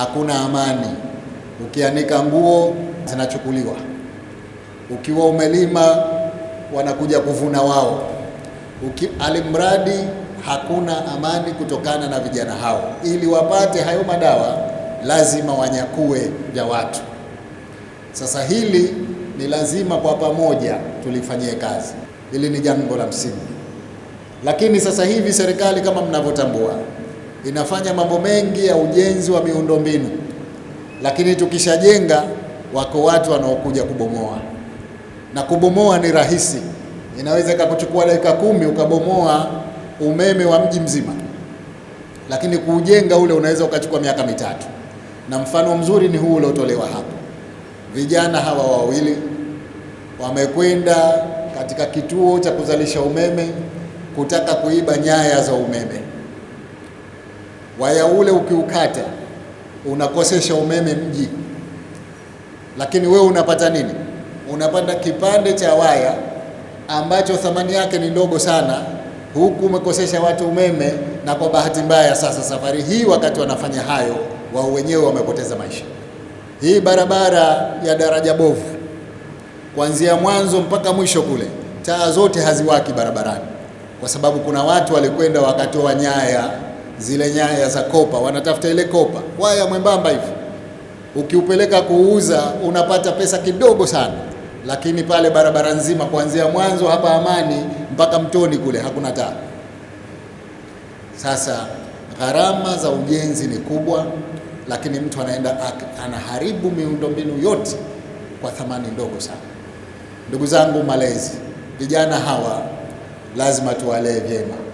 hakuna amani. Ukianika nguo zinachukuliwa, ukiwa umelima wanakuja kuvuna wao, alimradi hakuna amani kutokana na vijana hao. Ili wapate hayo madawa, lazima wanyakue vya watu. Sasa hili ni lazima kwa pamoja tulifanyie kazi, hili ni jambo la msingi. Lakini sasa hivi serikali kama mnavyotambua inafanya mambo mengi ya ujenzi wa miundombinu, lakini tukishajenga wako watu wanaokuja kubomoa, na kubomoa ni rahisi. Inaweza ikakuchukua dakika kumi ukabomoa umeme wa mji mzima, lakini kuujenga ule unaweza ukachukua miaka mitatu. Na mfano mzuri ni huu uliotolewa hapo. Vijana hawa wawili wamekwenda katika kituo cha kuzalisha umeme kutaka kuiba nyaya za umeme. Waya ule ukiukata unakosesha umeme mji, lakini wewe unapata nini? Unapata kipande cha waya ambacho thamani yake ni ndogo sana, huku umekosesha watu umeme. Na kwa bahati mbaya sasa, safari hii wakati wanafanya hayo, wao wenyewe wamepoteza maisha. Hii barabara ya daraja bovu, kuanzia mwanzo mpaka mwisho kule, taa zote haziwaki barabarani, kwa sababu kuna watu walikwenda wakatoa nyaya zile nyaya za kopa, wanatafuta ile kopa, waya mwembamba hivi, ukiupeleka kuuza unapata pesa kidogo sana, lakini pale barabara nzima kuanzia mwanzo hapa Amani mpaka Mtoni kule hakuna taa. Sasa gharama za ujenzi ni kubwa, lakini mtu anaenda anaharibu miundombinu yote kwa thamani ndogo sana. Ndugu zangu, malezi vijana hawa lazima tuwalee vyema.